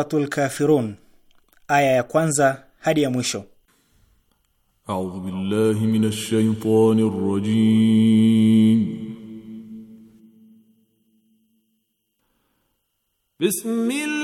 Suratul Kafirun aya ya kwanza hadi ya mwisho. A'udhu billahi minash shaitanir rajim. Bismillah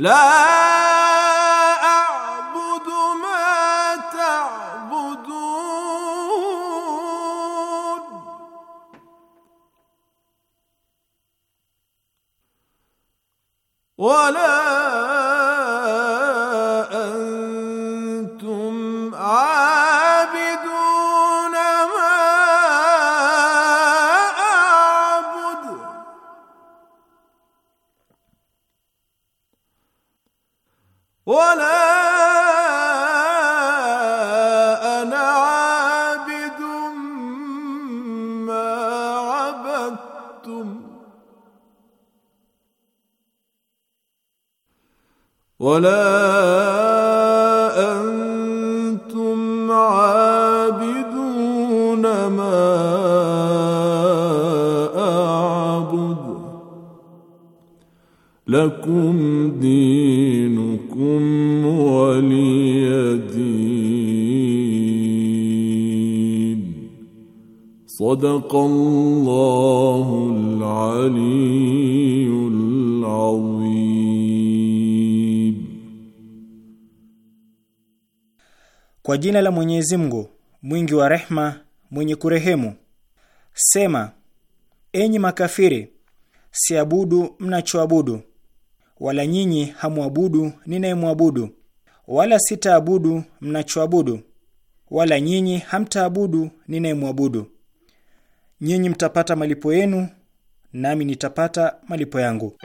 Love. jina la Mwenyezi Mungu mwingi wa rehma, mwenye kurehemu. Sema, enyi makafiri, siabudu mnachoabudu, wala nyinyi hamwabudu ninayemwabudu, wala sitaabudu mnachoabudu, wala nyinyi hamtaabudu ninayemwabudu. Nyinyi mtapata malipo yenu, nami nitapata malipo yangu.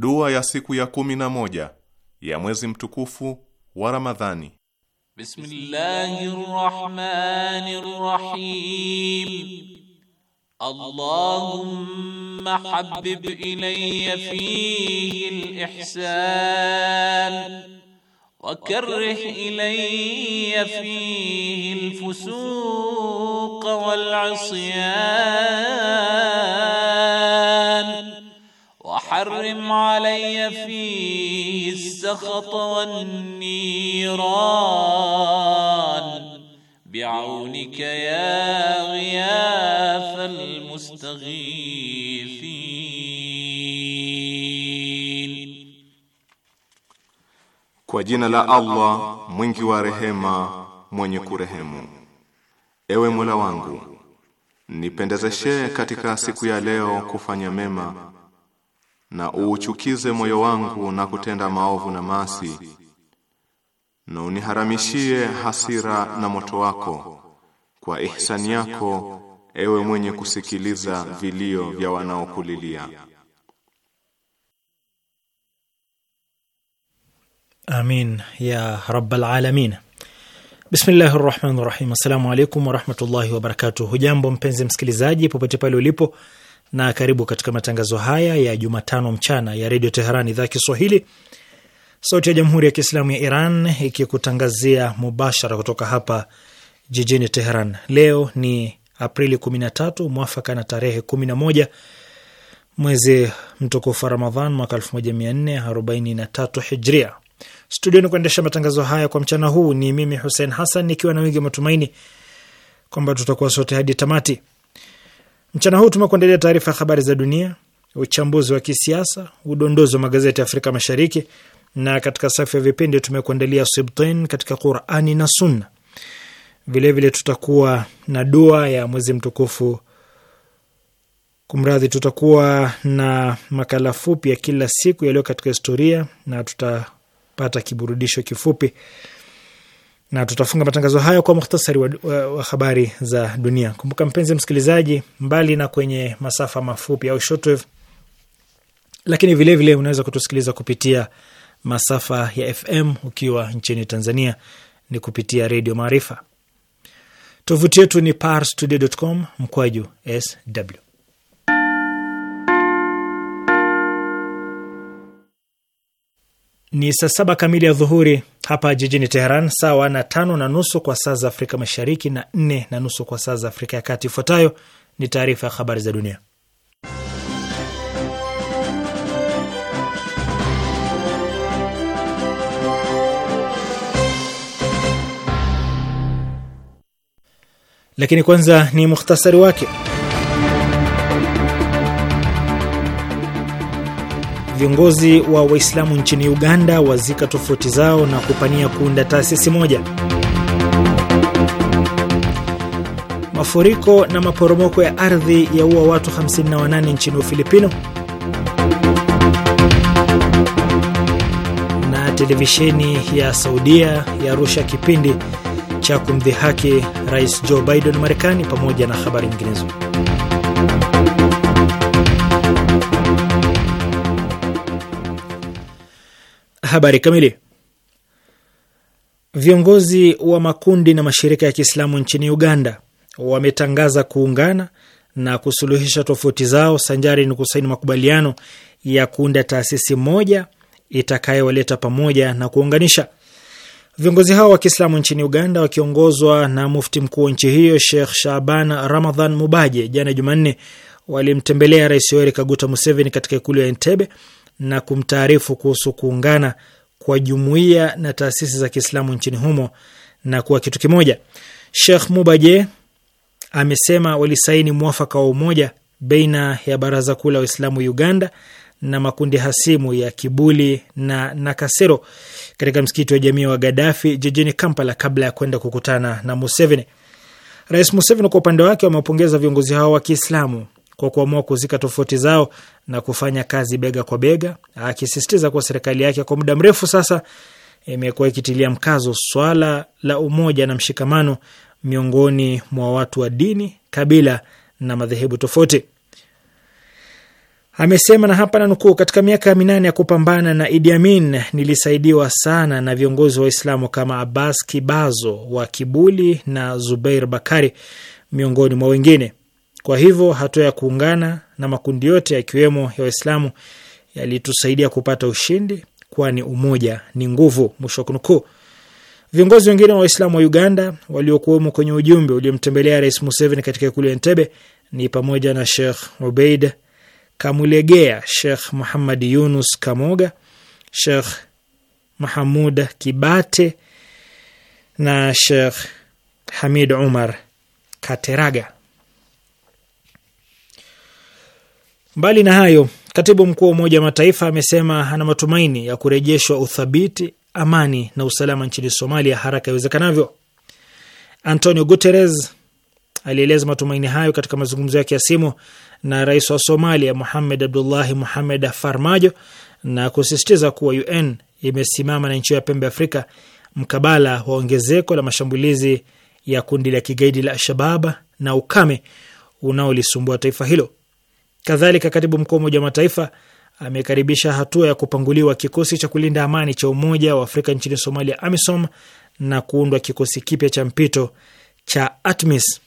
Dua ya siku ya kumi na moja ya mwezi mtukufu wa Ramadhani. Bismillahirrahmanirrahim. Allahumma habbib ilayya fihi al-ihsan wa karrih ilayya fihi al-fusuq wal-'isyan حرم علي فيه السخط والنيران بعونك يا غياث المستغيثين Kwa jina la Allah mwingi wa rehema mwenye kurehemu Ewe Mola wangu nipendezeshe katika siku ya leo kufanya mema na uuchukize moyo wangu na kutenda maovu na maasi, na uniharamishie hasira na moto wako kwa ihsani yako, ewe mwenye kusikiliza vilio vya wanaokulilia. Amin ya rabbal alamin. Bismillahi rahmani rahim. Assalamu alaikum warahmatullahi wabarakatuh. Hujambo mpenzi msikilizaji, popote pale ulipo na karibu katika matangazo haya ya Jumatano mchana ya Redio Teheran, idhaa Kiswahili, sauti ya Jamhuri ya Kiislamu ya Iran, ikikutangazia mubashara kutoka hapa jijini Teheran. Leo ni Aprili 13 mwafaka na tarehe 11 mwezi mtukufu wa Ramadhan mwaka 1443 Hijria. Studioni kuendesha matangazo haya kwa mchana huu ni mimi Hussein Hassan, nikiwa na wingi matumaini kwamba tutakuwa sote hadi tamati. Mchana huu tumekuandalia taarifa ya habari za dunia, uchambuzi wa kisiasa, udondozi wa magazeti ya Afrika Mashariki, na katika safu ya vipindi tumekuandalia Sibtain katika Qurani na Sunna. Vilevile tutakuwa na dua ya mwezi mtukufu Kumradhi, tutakuwa na makala fupi ya kila siku yaliyo katika historia na tutapata kiburudisho kifupi na tutafunga matangazo hayo kwa muhtasari wa, wa, wa habari za dunia. Kumbuka mpenzi msikilizaji, mbali na kwenye masafa mafupi au shortwave, lakini vilevile vile unaweza kutusikiliza kupitia masafa ya FM ukiwa nchini Tanzania ni kupitia Redio Maarifa. Tovuti yetu ni parstoday.com mkwaju sw. Ni saa saba kamili ya dhuhuri hapa jijini Teheran, sawa na tano na nusu kwa saa za Afrika Mashariki na nne na nusu kwa saa za Afrika ya Kati. Ifuatayo ni taarifa ya habari za dunia, lakini kwanza ni muhtasari wake. Viongozi wa Waislamu nchini Uganda wazika tofauti zao na kupania kuunda taasisi moja. Mafuriko na maporomoko ya ardhi yaua watu 58 nchini Ufilipino. Na televisheni ya Saudia yarusha kipindi cha kumdhihaki Rais Joe Biden Marekani, pamoja na habari nyinginezo. Habari kamili. Viongozi wa makundi na mashirika ya Kiislamu nchini Uganda wametangaza kuungana na kusuluhisha tofauti zao sanjari ni kusaini makubaliano ya kuunda taasisi moja itakayowaleta pamoja na kuunganisha. Viongozi hao wa Kiislamu nchini Uganda wakiongozwa na mufti mkuu wa nchi hiyo Sheikh Shaban Ramadhan Mubaje, jana Jumanne, walimtembelea Rais Yoweri Kaguta Museveni katika ikulu ya Entebbe na kumtaarifu kuhusu kuungana kwa jumuiya na taasisi za Kiislamu nchini humo na kuwa kitu kimoja. Sheikh Mubaje amesema walisaini mwafaka wa umoja baina ya Baraza Kuu la Waislamu Uganda na makundi hasimu ya Kibuli na Nakasero katika msikiti wa jamii wa Gadafi jijini Kampala kabla ya kwenda kukutana na Museveni. Rais Museveni kwa upande wake wamewapongeza viongozi hao wa Kiislamu kwa kuamua kuzika tofauti zao na kufanya kazi bega kwa bega, akisisitiza kuwa serikali yake kwa muda mrefu sasa imekuwa ikitilia mkazo swala la umoja na mshikamano miongoni mwa watu wa dini, kabila na madhehebu tofauti. Amesema na hapa nanukuu, katika miaka minane ya kupambana na Idi Amin nilisaidiwa sana na viongozi wa Waislamu kama Abbas Kibazo wa Kibuli na Zubeir Bakari miongoni mwa wengine. Kwa hivyo hatua ya kuungana na makundi yote yakiwemo ya Waislamu yalitusaidia kupata ushindi, kwani umoja ni nguvu, mwisho wa kunukuu. Viongozi wengine wa Waislamu wa Uganda waliokuwemo kwenye ujumbe uliomtembelea Rais Museveni katika ikulu ya ntebe ni pamoja na shekh Obeid Kamulegea, shekh Muhammad Yunus Kamoga, shekh Mahamud Kibate na shekh Hamid Umar Kateraga. Mbali na hayo, katibu mkuu wa Umoja wa Mataifa amesema ana matumaini ya kurejeshwa uthabiti, amani na usalama nchini Somalia haraka iwezekanavyo. Antonio Guterres alieleza matumaini hayo katika mazungumzo yake ya simu na rais wa Somalia Muhamed Abdullahi Muhamed Farmajo na kusisitiza kuwa UN imesimama na nchi ya pembe Afrika mkabala wa ongezeko la mashambulizi ya kundi la kigaidi la Alshabab na ukame unaolisumbua taifa hilo. Kadhalika, katibu mkuu wa Umoja wa Mataifa amekaribisha hatua ya kupanguliwa kikosi cha kulinda amani cha Umoja wa Afrika nchini Somalia, AMISOM, na kuundwa kikosi kipya cha mpito cha ATMIS.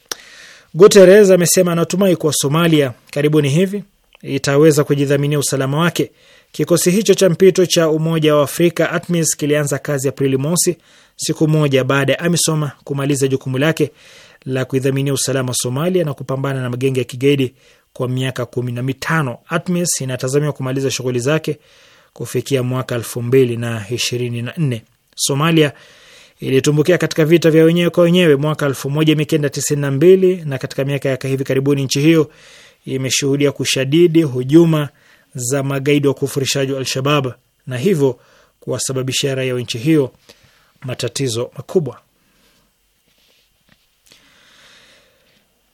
Guterres amesema anatumai kuwa Somalia karibuni hivi itaweza kujidhaminia usalama wake. Kikosi hicho cha mpito cha Umoja wa Afrika ATMIS kilianza kazi Aprili mosi, siku moja baada ya AMISOM kumaliza jukumu lake la kuidhaminia usalama Somalia na kupambana na magenge ya kigaidi kwa miaka kumi na mitano. ATMIS inatazamiwa kumaliza shughuli zake kufikia mwaka elfu mbili na ishirini na nne. Somalia ilitumbukia katika vita vya wenyewe kwa wenyewe mwaka elfu moja mia kenda tisini na mbili na katika miaka ya hivi karibuni nchi hiyo imeshuhudia kushadidi hujuma za magaidi wa kufurishaji wa alshabab na hivyo kuwasababishia raia wa nchi hiyo matatizo makubwa.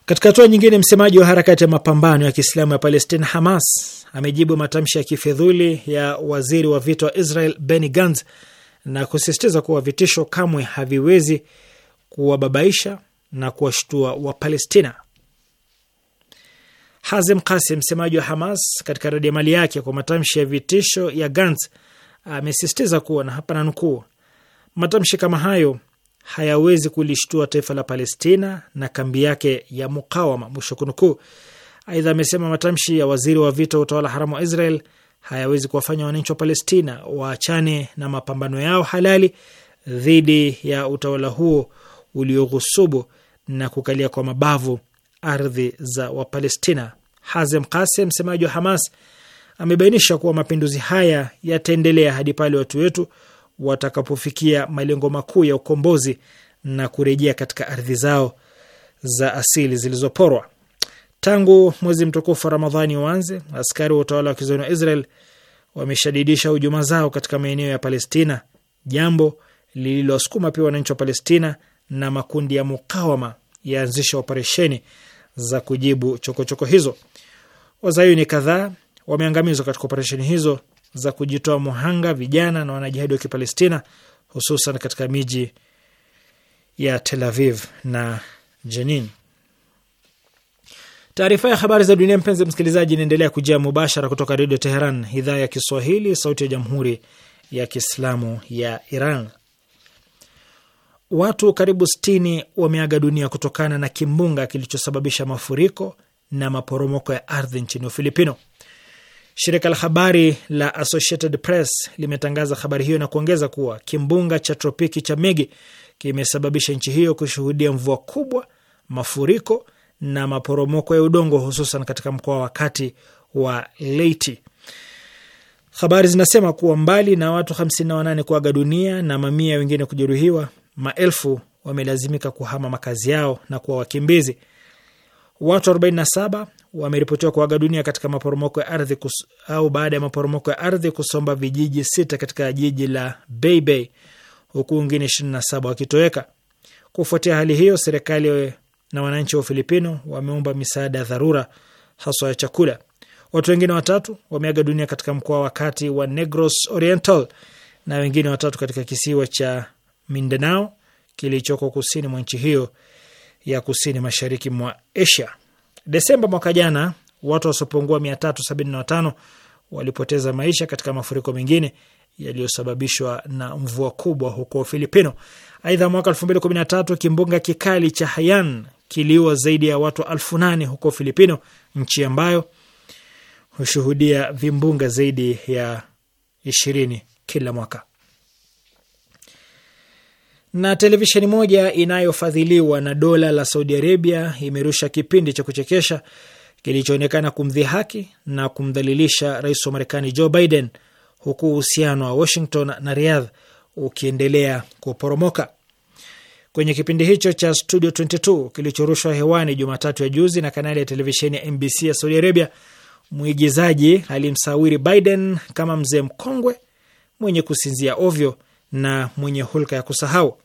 Katika hatua nyingine, msemaji wa harakati ya mapambano ya Kiislamu ya Palestina, Hamas, amejibu matamshi ya kifedhuli ya waziri wa vita wa Israel Benny Gantz na kusisitiza kuwa vitisho kamwe haviwezi kuwababaisha na kuwashtua Wapalestina. Hazem Kasim, msemaji wa Hamas, katika radi ya mali yake kwa matamshi ya vitisho ya Gantz amesisitiza kuwa na hapa nukuu, matamshi kama hayo hayawezi kulishtua taifa la Palestina na kambi yake ya mukawama, mwisho kunukuu. Aidha amesema matamshi ya waziri wa vita wa utawala haramu wa Israel hayawezi kuwafanya wananchi wa Palestina waachane na mapambano yao halali dhidi ya utawala huo ulioghusubu na kukalia kwa mabavu ardhi za Wapalestina. Hazem Kasem, msemaji wa Hamas, amebainisha kuwa mapinduzi haya yataendelea hadi pale watu wetu watakapofikia malengo makuu ya ukombozi na kurejea katika ardhi zao za asili zilizoporwa. Tangu mwezi mtukufu wa Ramadhani uanze, askari wa utawala wa kizoni wa Israel wameshadidisha hujuma zao katika maeneo ya Palestina, jambo lililowasukuma pia wananchi wa Palestina na makundi ya mukawama yaanzisha operesheni za kujibu chokochoko choko hizo. Wazayuni kadhaa wameangamizwa katika operesheni hizo za kujitoa muhanga vijana na wanajihadi wa Kipalestina, hususan katika miji ya Tel Aviv na Jenin. Taarifa ya habari za dunia, mpenzi msikilizaji, inaendelea kujia mubashara kutoka Redio Teheran, idhaa ya Kiswahili, sauti ya Jamhuri ya Kiislamu ya Iran. Watu karibu sitini wameaga dunia kutokana na kimbunga kilichosababisha mafuriko na maporomoko ya ardhi nchini Ufilipino. Shirika la habari la Associated Press limetangaza habari hiyo na kuongeza kuwa kimbunga cha tropiki cha Megi kimesababisha nchi hiyo kushuhudia mvua kubwa, mafuriko na maporomoko ya udongo, hususan katika mkoa wa kati wa Leiti. Habari zinasema kuwa mbali na watu 58 kuaga dunia na mamia wengine kujeruhiwa, maelfu wamelazimika kuhama makazi yao na kuwa wakimbizi. Watu 47 wameripotiwa kuaga dunia katika maporomoko ya ardhi au baada ya maporomoko ya ardhi kusomba vijiji sita katika jiji la Beibei, huku wengine 27 wakitoweka. Kufuatia hali hiyo, serikali na wananchi wa Ufilipino wameomba misaada ya dharura, haswa ya chakula. Watu wengine watatu wameaga dunia katika mkoa wa kati wa Negros Oriental na wengine watatu katika kisiwa cha Mindanao kilichoko kusini mwa nchi hiyo ya kusini mashariki mwa Asia. Desemba mwaka jana watu wasiopungua 375 walipoteza maisha katika mafuriko mengine yaliyosababishwa na mvua kubwa huko Filipino. Aidha, mwaka 2013 kimbunga kikali cha Haiyan kiliua zaidi ya watu elfu nane huko Filipino, nchi ambayo hushuhudia vimbunga zaidi ya ishirini kila mwaka. Na televisheni moja inayofadhiliwa na dola la Saudi Arabia imerusha kipindi cha kuchekesha kilichoonekana kumdhihaki na kumdhalilisha rais wa Marekani Joe Biden, huku uhusiano wa Washington na Riyadh ukiendelea kuporomoka. Kwenye kipindi hicho cha Studio 22 kilichorushwa hewani Jumatatu ya juzi na kanali ya televisheni ya NBC ya Saudi Arabia, mwigizaji alimsawiri Biden kama mzee mkongwe mwenye kusinzia ovyo na mwenye hulka ya kusahau.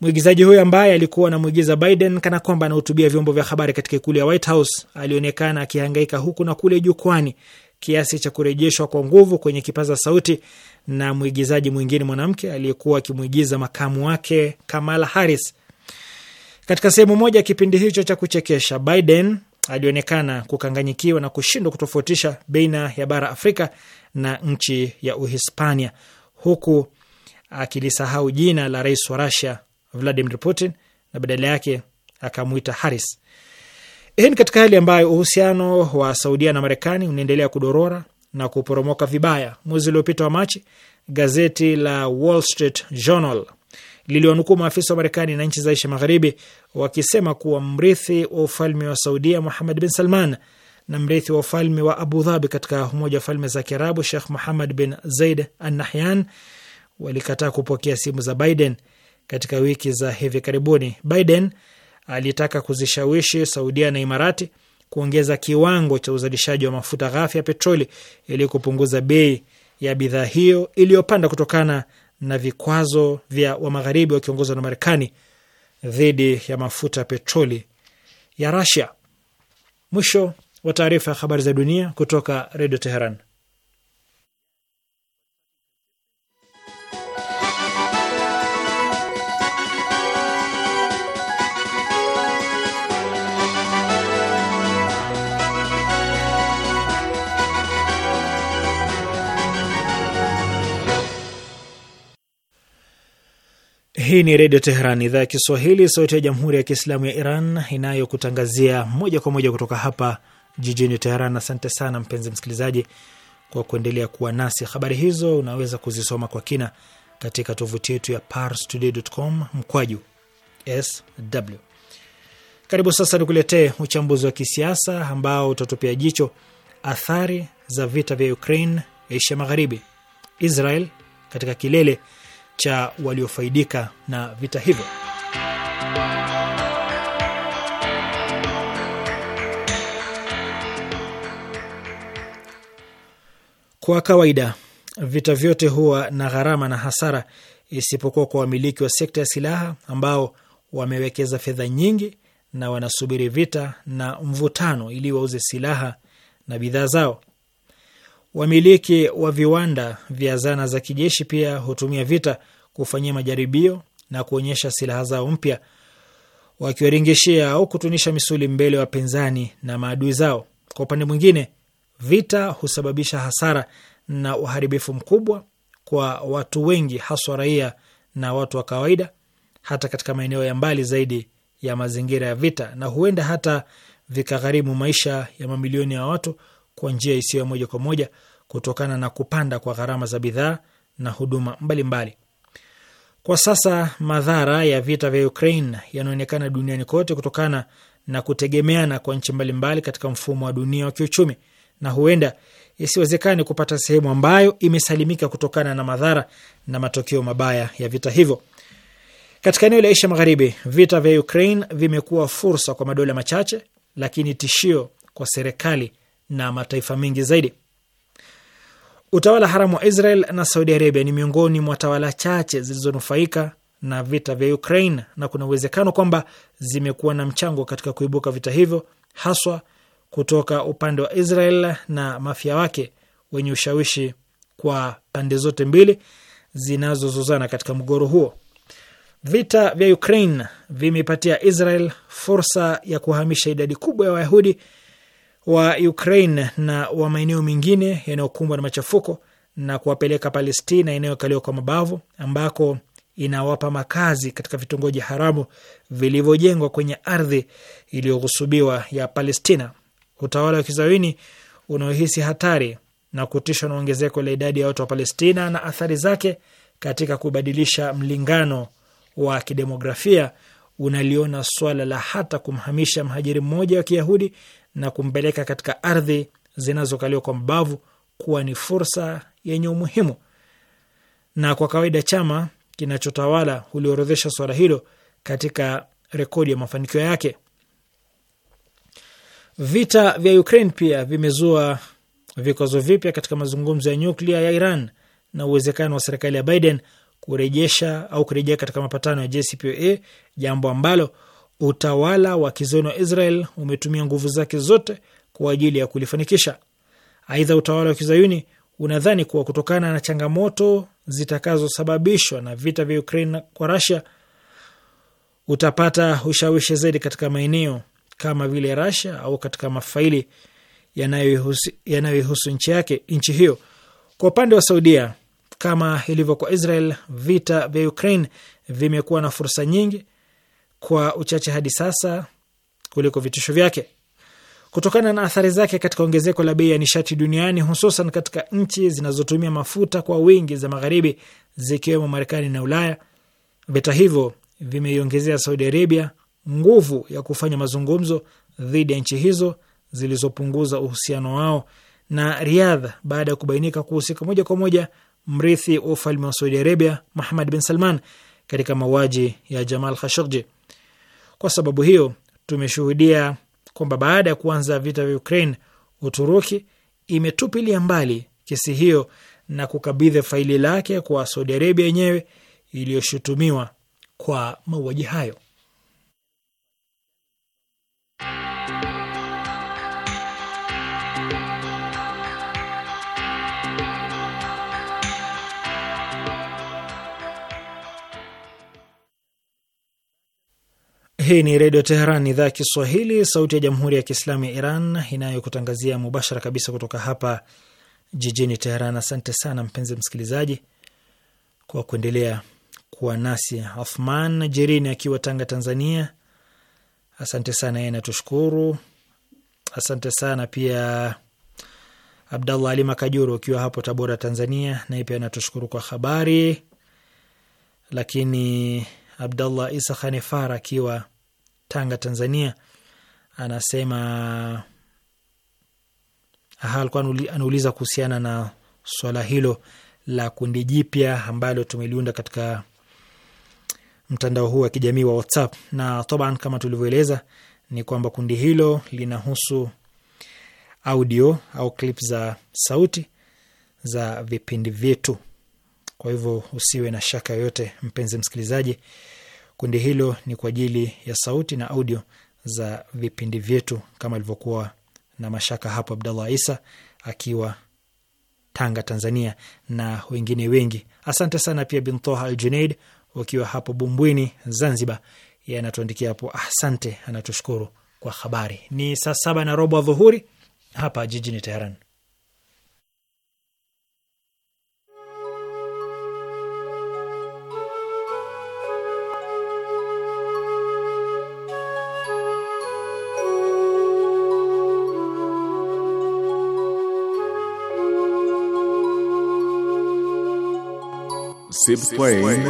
Mwigizaji huyo ambaye alikuwa anamwigiza Biden kana kwamba anahutubia vyombo vya habari katika ikulu ya White House alionekana akihangaika huku na kule jukwani kiasi cha kurejeshwa kwa nguvu kwenye kipaza sauti na mwigizaji mwingine mwanamke aliyekuwa akimwigiza makamu wake Kamala Harris. Katika sehemu moja ya kipindi hicho cha kuchekesha, Biden alionekana kukanganyikiwa na kushindwa kutofautisha baina ya bara Afrika na nchi ya Uhispania, huku akilisahau jina la rais wa Rusia Vladimir Putin na badala yake akamwita Haris. Hii ni katika hali ambayo uhusiano wa Saudia na Marekani unaendelea kudorora na kuporomoka vibaya. Mwezi uliopita wa Machi, gazeti la Wall Street Journal lilionukuu maafisa wa Marekani na nchi za Asia Magharibi wakisema kuwa mrithi wa ufalme wa Saudia Muhammad bin Salman na mrithi wa ufalme wa Abu Dhabi katika Umoja wa Falme za Kiarabu Shekh Muhammad bin Zaid Al Nahyan walikataa kupokea simu za Biden katika wiki za hivi karibuni. Biden alitaka kuzishawishi Saudia na Imarati kuongeza kiwango cha uzalishaji wa mafuta ghafi ya petroli ili kupunguza bei ya bidhaa hiyo iliyopanda kutokana na vikwazo vya Wamagharibi wakiongozwa na Marekani dhidi ya mafuta ya petroli ya Rasia. Mwisho wa taarifa ya habari za dunia kutoka Redio Teheran. Hii ni Redio Teheran, idhaa ya Kiswahili, sauti ya Jamhuri ya Kiislamu ya Iran, inayokutangazia moja kwa moja kutoka hapa jijini Teheran. Asante sana mpenzi msikilizaji kwa kuendelea kuwa nasi. Habari hizo unaweza kuzisoma kwa kina katika tovuti yetu ya parstoday.com mkwaju sw. Karibu sasa nikuletee uchambuzi wa kisiasa ambao utatupia jicho athari za vita vya Ukraine, Asia Magharibi, Israel katika kilele cha waliofaidika na vita hivyo. Kwa kawaida vita vyote huwa na gharama na hasara, isipokuwa kwa wamiliki wa sekta ya silaha ambao wamewekeza fedha nyingi na wanasubiri vita na mvutano ili wauze silaha na bidhaa zao. Wamiliki wa viwanda vya zana za kijeshi pia hutumia vita kufanyia majaribio na kuonyesha silaha zao mpya, wakiwaringishia au kutunisha misuli mbele wapinzani na maadui zao. Kwa upande mwingine, vita husababisha hasara na uharibifu mkubwa kwa watu wengi, haswa raia na watu wa kawaida, hata katika maeneo ya mbali zaidi ya mazingira ya vita, na huenda hata vikagharimu maisha ya mamilioni ya watu kwa njia isiyo ya moja kwa moja kutokana na kupanda kwa gharama za bidhaa na huduma mbalimbali mbali. Kwa sasa madhara ya vita vya Ukraine yanaonekana duniani kote kutokana na kutegemeana kwa nchi mbalimbali katika mfumo wa dunia wa kiuchumi, na huenda isiwezekani kupata sehemu ambayo imesalimika kutokana na madhara na matokeo mabaya ya vita hivyo. Katika eneo la Asia Magharibi, vita vya Ukraine vimekuwa fursa kwa madola machache, lakini tishio kwa serikali na mataifa mengi zaidi. Utawala haramu wa Israel na Saudi Arabia ni miongoni mwa tawala chache zilizonufaika na vita vya Ukraine na kuna uwezekano kwamba zimekuwa na mchango katika kuibuka vita hivyo, haswa kutoka upande wa Israel na mafia wake wenye ushawishi kwa pande zote mbili zinazozozana katika mgogoro huo. Vita vya Ukraine vimeipatia Israel fursa ya kuhamisha idadi kubwa ya Wayahudi wa Ukraine na wa maeneo mengine yanayokumbwa na machafuko na kuwapeleka Palestina inayokaliwa kwa mabavu ambako inawapa makazi katika vitongoji haramu vilivyojengwa kwenye ardhi iliyoghusubiwa ya Palestina. Utawala wa kizawini unaohisi hatari na kutishwa na ongezeko la idadi ya watu wa Palestina na athari zake katika kubadilisha mlingano wa kidemografia unaliona swala la hata kumhamisha mhajiri mmoja wa Kiyahudi na kumpeleka katika ardhi zinazokaliwa kwa mabavu kuwa ni fursa yenye umuhimu. Na kwa kawaida chama kinachotawala huliorodhesha swala hilo katika rekodi ya mafanikio yake. Vita vya Ukraine pia vimezua vikwazo vipya katika mazungumzo ya nyuklia ya Iran na uwezekano wa serikali ya Biden kurejesha au kurejea katika mapatano ya JCPOA, jambo ambalo utawala wa kizayuni wa Israel umetumia nguvu zake zote kwa ajili ya kulifanikisha. Aidha, utawala wa kizayuni unadhani kuwa kutokana na changamoto zitakazosababishwa na vita vya Ukraine kwa Russia utapata ushawishi zaidi katika maeneo kama vile Russia au katika mafaili yanayoihusu nchi yake nchi hiyo. Kwa upande wa Saudia, kama ilivyo kwa Israel, vita vya Ukraine vimekuwa na fursa nyingi kwa uchache hadi sasa kuliko vitisho vyake kutokana na athari zake katika ongezeko la bei ya nishati duniani hususan katika nchi zinazotumia mafuta kwa wingi za magharibi zikiwemo Marekani na Ulaya. Vita hivyo vimeiongezea Saudi Arabia nguvu ya kufanya mazungumzo dhidi ya nchi hizo zilizopunguza uhusiano wao na Riadha baada ya kubainika kuhusika moja kwa moja mrithi wa ufalme wa Saudi Arabia Muhamad bin Salman katika mauaji ya Jamal Khashoggi. Kwa sababu hiyo tumeshuhudia kwamba baada ya kuanza vita vya Ukraine, Uturuki imetupilia mbali kesi hiyo na kukabidhi faili lake kwa Saudi Arabia yenyewe iliyoshutumiwa kwa mauaji hayo. Hii ni Redio Teheran, idhaa ya Kiswahili, sauti ya Jamhuri ya Kiislamu ya Iran, inayokutangazia mubashara kabisa kutoka hapa jijini Teheran. Asante sana mpenzi msikilizaji kwa kuendelea kuwa nasi. Othman Jerini akiwa Tanga, Tanzania, asante sana, yeye natushukuru. Asante sana pia Abdallah Ali Makajuru ukiwa hapo Tabora, Tanzania, naye pia anatushukuru kwa habari. Lakini Abdallah Isa khanefar akiwa Tanga, Tanzania, anasema alikuwa anauliza kuhusiana na swala hilo la kundi jipya ambalo tumeliunda katika mtandao huu wa kijamii wa WhatsApp na toban, kama tulivyoeleza ni kwamba kundi hilo linahusu audio au klip za sauti za vipindi vyetu. Kwa hivyo usiwe na shaka yoyote, mpenzi msikilizaji, Kundi hilo ni kwa ajili ya sauti na audio za vipindi vyetu, kama alivyokuwa na mashaka hapo Abdallah Isa akiwa Tanga, Tanzania, na wengine wengi. Asante sana pia Bintoha Al Junaid wakiwa hapo Bumbwini, Zanzibar, ye anatuandikia hapo, asante, anatushukuru kwa habari. Ni saa saba na robo adhuhuri hapa jijini Teheran. Sibtain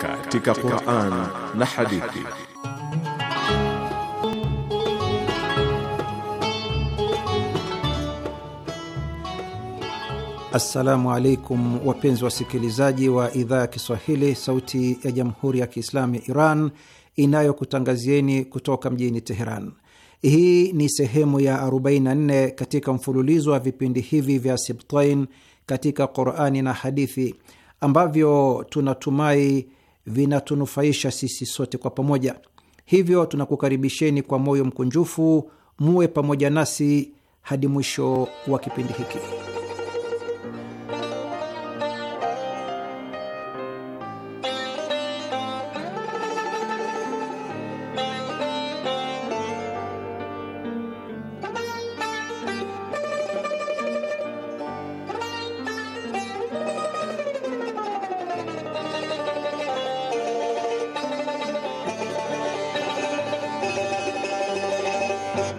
katika Qur'an na hadithi. Assalamu alaikum wapenzi wasikilizaji wa idhaa ya Kiswahili sauti ya Jamhuri ya Kiislamu ya Iran inayokutangazieni kutoka mjini Teheran. Hii ni sehemu ya 44 katika mfululizo wa vipindi hivi vya Sibtain katika Qur'ani na hadithi ambavyo tunatumai vinatunufaisha sisi sote kwa pamoja. Hivyo tunakukaribisheni kwa moyo mkunjufu, muwe pamoja nasi hadi mwisho wa kipindi hiki.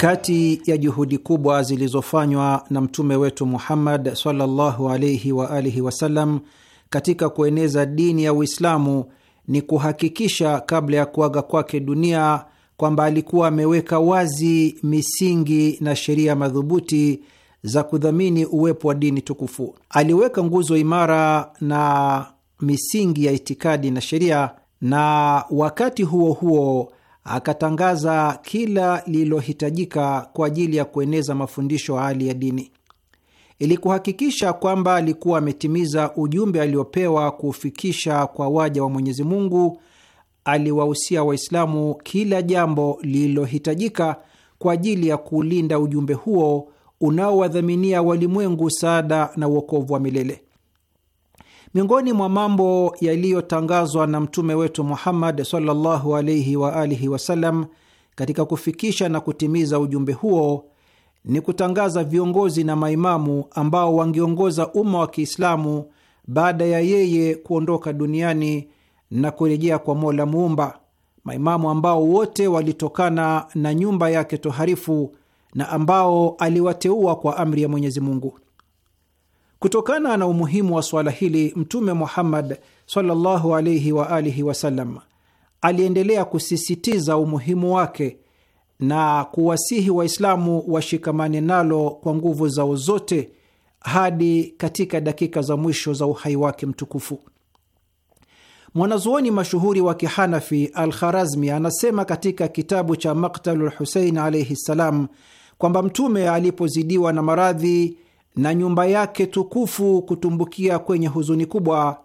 Kati ya juhudi kubwa zilizofanywa na mtume wetu Muhammad sallallahu alaihi wa alihi wasallam katika kueneza dini ya Uislamu ni kuhakikisha kabla ya kuaga kwake dunia kwamba alikuwa ameweka wazi misingi na sheria madhubuti za kudhamini uwepo wa dini tukufu. Aliweka nguzo imara na misingi ya itikadi na sheria, na wakati huo huo akatangaza kila lililohitajika kwa ajili ya kueneza mafundisho hali ya dini ili kuhakikisha kwamba alikuwa ametimiza ujumbe aliopewa kufikisha kwa waja wa Mwenyezi Mungu. Aliwahusia Waislamu kila jambo lililohitajika kwa ajili ya kuulinda ujumbe huo unaowadhaminia walimwengu saada na uokovu wa milele. Miongoni mwa mambo yaliyotangazwa na mtume wetu Muhammad sallallahu alaihi wa alihi wasallam katika kufikisha na kutimiza ujumbe huo ni kutangaza viongozi na maimamu ambao wangeongoza umma wa Kiislamu baada ya yeye kuondoka duniani na kurejea kwa Mola Muumba, maimamu ambao wote walitokana na nyumba yake toharifu na ambao aliwateua kwa amri ya Mwenyezi Mungu. Kutokana na umuhimu wa suala hili, Mtume Muhammad sallallahu alaihi wa alihi wasallam aliendelea kusisitiza umuhimu wake na kuwasihi Waislamu washikamane nalo kwa nguvu zao zote hadi katika dakika za mwisho za uhai wake mtukufu. Mwanazuoni mashuhuri wa Kihanafi Al-Kharazmi anasema katika kitabu cha Maktalu Lhusein alaihi ssalam kwamba Mtume alipozidiwa na maradhi na nyumba yake tukufu kutumbukia kwenye huzuni kubwa,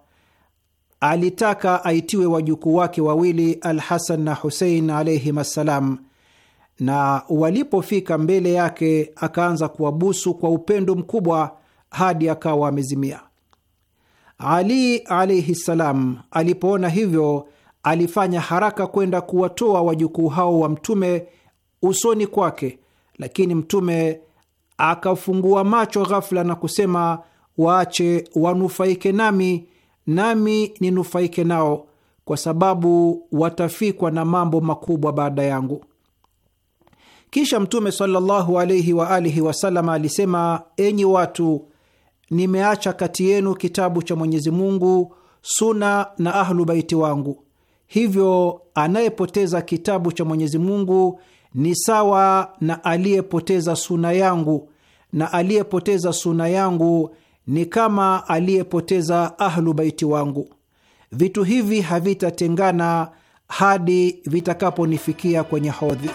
alitaka aitiwe wajukuu wake wawili Alhasan na Husein alayhim assalam, na walipofika mbele yake akaanza kuwabusu kwa upendo mkubwa hadi akawa amezimia. Ali alaihi ssalam alipoona hivyo, alifanya haraka kwenda kuwatoa wajukuu hao wa Mtume usoni kwake, lakini Mtume akafungua macho ghafula na kusema, waache wanufaike nami, nami ninufaike nao, kwa sababu watafikwa na mambo makubwa baada yangu. Kisha Mtume sallallahu alaihi wa alihi wasallam alisema, enyi watu, nimeacha kati yenu kitabu cha Mwenyezi Mungu, suna na ahlu baiti wangu. Hivyo anayepoteza kitabu cha Mwenyezi Mungu ni sawa na aliyepoteza suna yangu, na aliyepoteza suna yangu ni kama aliyepoteza ahlu baiti wangu. Vitu hivi havitatengana hadi vitakaponifikia kwenye hodhi.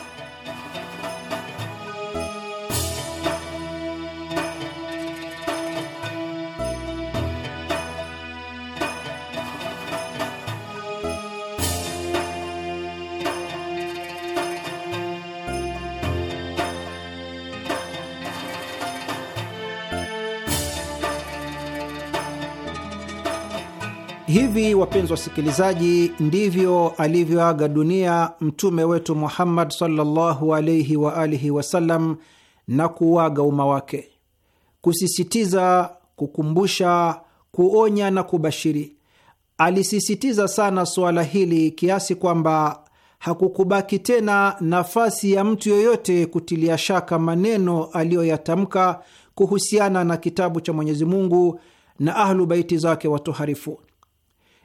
wapenzi wasikilizaji, ndivyo alivyoaga dunia mtume wetu Muhammad sallallahu alaihi wa alihi wasallam na kuuaga umma wake. Kusisitiza, kukumbusha, kuonya na kubashiri. Alisisitiza sana suala hili kiasi kwamba hakukubaki tena nafasi ya mtu yoyote kutilia shaka maneno aliyoyatamka kuhusiana na kitabu cha Mwenyezi Mungu na Ahlu Baiti zake watoharifu.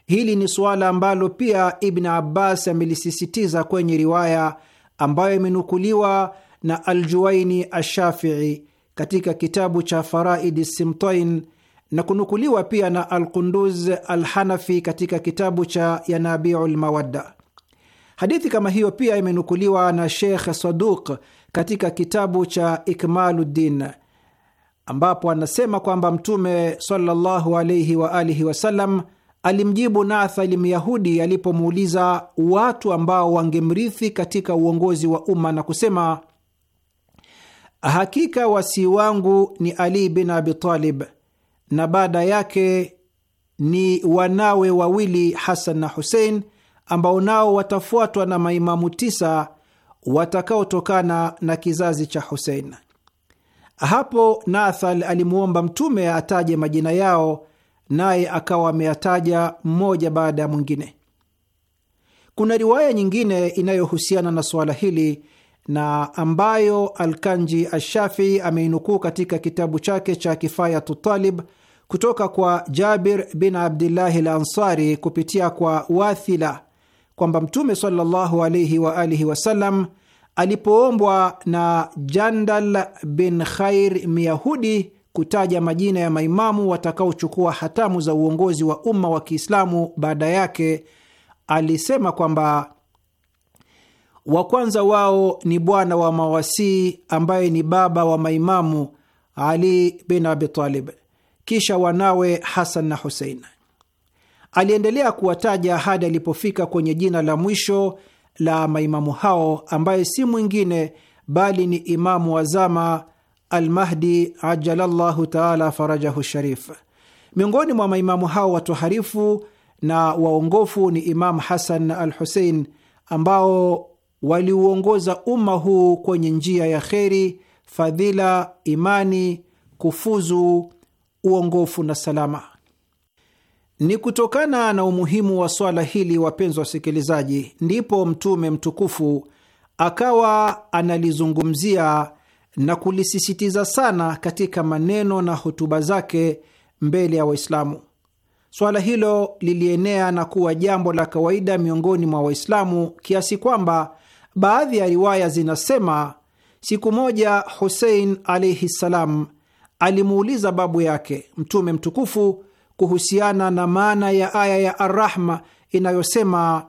Hili ni suala ambalo pia Ibn Abbas amelisisitiza kwenye riwaya ambayo imenukuliwa na Aljuwaini Ashafii katika kitabu cha Faraidi Simtain na kunukuliwa pia na Alqunduz Alhanafi katika kitabu cha Yanabiu Lmawadda. Hadithi kama hiyo pia imenukuliwa na Sheikh Saduq katika kitabu cha Ikmaluddin ambapo anasema kwamba Mtume sallallahu alaihi waalihi wasallam alimjibu Nathali Myahudi alipomuuliza watu ambao wangemrithi katika uongozi wa umma na kusema, hakika wasii wangu ni Ali bin Abi Talib na baada yake ni wanawe wawili Hasan na Husein ambao nao watafuatwa na maimamu tisa watakaotokana na kizazi cha Husein. Hapo Nathal alimwomba Mtume ataje majina yao naye akawa ameyataja mmoja baada ya mwingine. Kuna riwaya nyingine inayohusiana na suala hili na ambayo Alkanji Ashafii ameinukuu katika kitabu chake cha Kifayatu Talib kutoka kwa Jabir bin Abdillahi l Ansari kupitia kwa Wathila kwamba Mtume sallallahu alaihi wa alihi wasallam alipoombwa na Jandal bin Khair Myahudi kutaja majina ya maimamu watakaochukua hatamu za uongozi wa umma wa Kiislamu baada yake, alisema kwamba wa kwanza wao ni bwana wa mawasii ambaye ni baba wa maimamu Ali bin Abi Talib, kisha wanawe Hasan na Husein. Aliendelea kuwataja hadi alipofika kwenye jina la mwisho la maimamu hao ambaye si mwingine bali ni imamu wa zama Almahdi ajalallahu taala farajahu sharif. Miongoni mwa maimamu hao watoharifu na waongofu ni Imamu Hasan al Husein, ambao waliuongoza umma huu kwenye njia ya kheri, fadhila, imani, kufuzu, uongofu na salama. Ni kutokana na umuhimu wa swala hili, wapenzi wasikilizaji, ndipo Mtume mtukufu akawa analizungumzia na kulisisitiza sana katika maneno na hotuba zake mbele ya Waislamu. Swala hilo lilienea na kuwa jambo la kawaida miongoni mwa Waislamu kiasi kwamba baadhi ya riwaya zinasema siku moja Husein alaihi ssalam alimuuliza babu yake Mtume mtukufu kuhusiana na maana ya aya ya Arrahma inayosema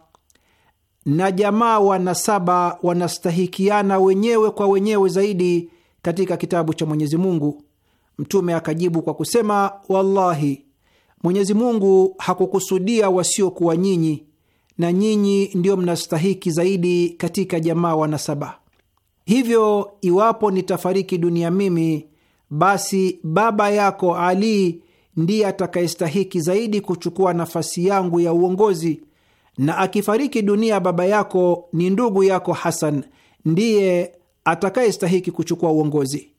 na jamaa wanasaba wanastahikiana wenyewe kwa wenyewe zaidi katika kitabu cha Mwenyezi Mungu. Mtume akajibu kwa kusema, wallahi, Mwenyezi Mungu hakukusudia wasiokuwa nyinyi, na nyinyi ndiyo mnastahiki zaidi katika jamaa wanasaba. Hivyo iwapo nitafariki dunia mimi, basi baba yako Ali ndiye atakayestahiki zaidi kuchukua nafasi yangu ya uongozi, na akifariki dunia baba yako, ni ndugu yako Hasan ndiye atakayestahiki kuchukua uongozi,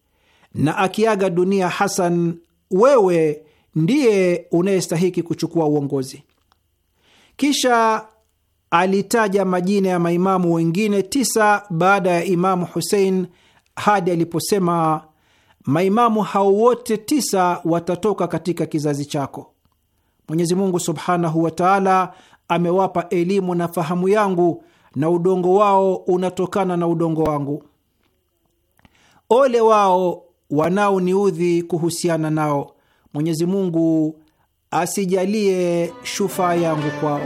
na akiaga dunia Hasan, wewe ndiye unayestahiki kuchukua uongozi. Kisha alitaja majina ya maimamu wengine tisa baada ya Imamu Husein hadi aliposema, maimamu hao wote tisa watatoka katika kizazi chako. Mwenyezi Mungu subhanahu wa taala amewapa elimu na fahamu yangu, na udongo wao unatokana na udongo wangu. Ole wao wanaoniudhi kuhusiana nao. Mwenyezi Mungu asijalie shufaa yangu kwao.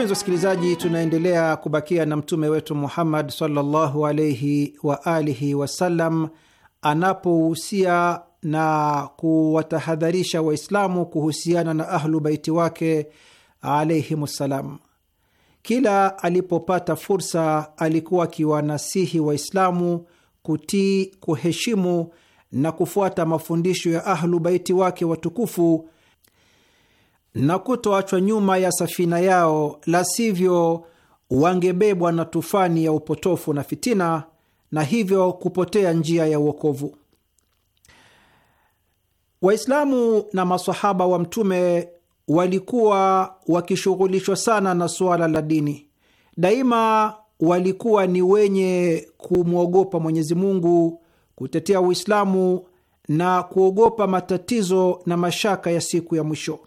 Wapenzi wasikilizaji, tunaendelea kubakia na mtume wetu Muhammad sallallahu alaihi wa alihi wasallam anapohusia na kuwatahadharisha Waislamu kuhusiana na Ahlu Baiti wake ssalam. Kila alipopata fursa, alikuwa akiwanasihi Waislamu kutii, kuheshimu na kufuata mafundisho ya Ahlu Baiti wake watukufu na kutoachwa nyuma ya safina yao, la sivyo wangebebwa na tufani ya upotofu na fitina, na hivyo kupotea njia ya uokovu. Waislamu na masahaba wa Mtume walikuwa wakishughulishwa sana na suala la dini. Daima walikuwa ni wenye kumwogopa Mwenyezi Mungu, kutetea Uislamu na kuogopa matatizo na mashaka ya siku ya mwisho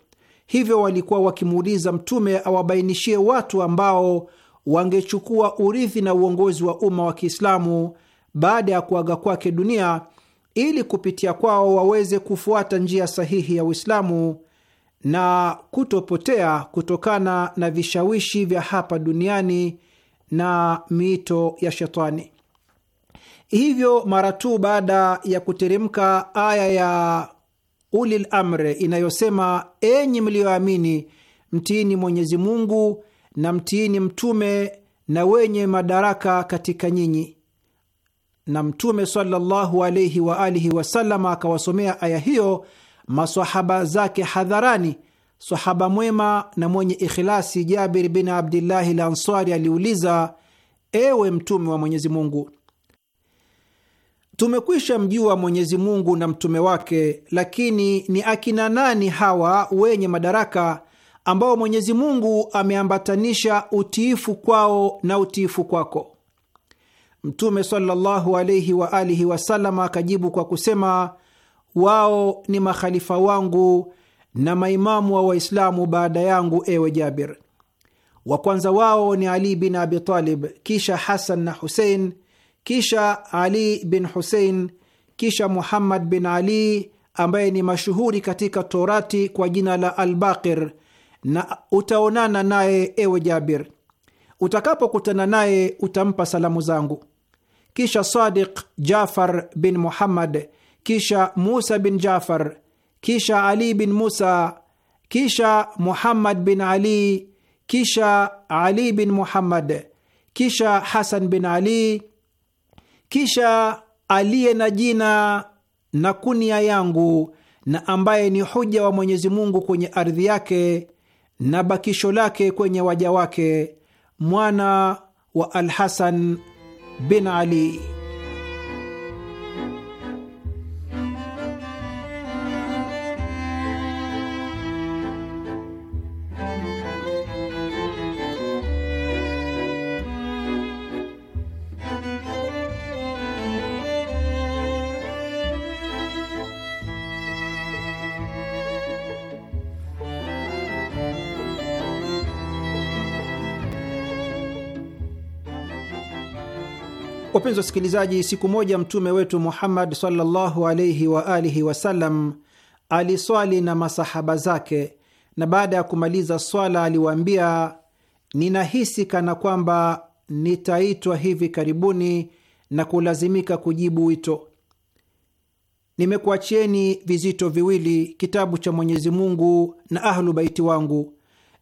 hivyo walikuwa wakimuuliza Mtume awabainishie watu ambao wangechukua urithi na uongozi wa umma wa Kiislamu baada ya kuaga kwake dunia ili kupitia kwao waweze kufuata njia sahihi ya Uislamu na kutopotea kutokana na vishawishi vya hapa duniani na miito ya shetani. Hivyo mara tu baada ya kuteremka aya ya ulil amre inayosema, enyi mliyoamini, mtiini Mwenyezi Mungu na mtiini mtume na wenye madaraka katika nyinyi. Na Mtume sallallahu alaihi wa alihi wasallam akawasomea aya hiyo masahaba zake hadharani. Sahaba mwema na mwenye ikhilasi Jabir bin Abdillahi Lansari aliuliza, ewe Mtume wa Mwenyezi Mungu, Tumekwisha mjua Mwenyezi Mungu na mtume wake, lakini ni akina nani hawa wenye madaraka ambao Mwenyezi Mungu ameambatanisha utiifu kwao na utiifu kwako? Mtume sallallahu alayhi wa alihi akajibu kwa kusema, wao ni makhalifa wangu na maimamu wa Waislamu baada yangu, ewe Jabir. Wa kwanza wao ni Ali bin Abi Talib, kisha Hasan na Husein kisha Ali bin Husein, kisha Muhammad bin Ali ambaye ni mashuhuri katika Torati kwa jina la Albakir, na utaonana naye ewe Jabir. Utakapokutana naye utampa salamu zangu. Kisha Sadiq Jafar bin Muhammad, kisha Musa bin Jafar, kisha Ali bin Musa, kisha Muhammad bin Ali, kisha Ali bin Muhammad, kisha Hasan bin Ali, kisha aliye na jina na kunia yangu na ambaye ni huja wa Mwenyezi Mungu kwenye ardhi yake na bakisho lake kwenye waja wake, mwana wa Alhasan bin Ali. Wapenzi wasikilizaji, siku moja mtume wetu Muhammad sallallahu alaihi wa alihi wasallam aliswali na masahaba zake, na baada ya kumaliza swala aliwaambia, ninahisi kana kwamba nitaitwa hivi karibuni na kulazimika kujibu wito. Nimekuachieni vizito viwili, kitabu cha Mwenyezi Mungu na Ahlu Baiti wangu,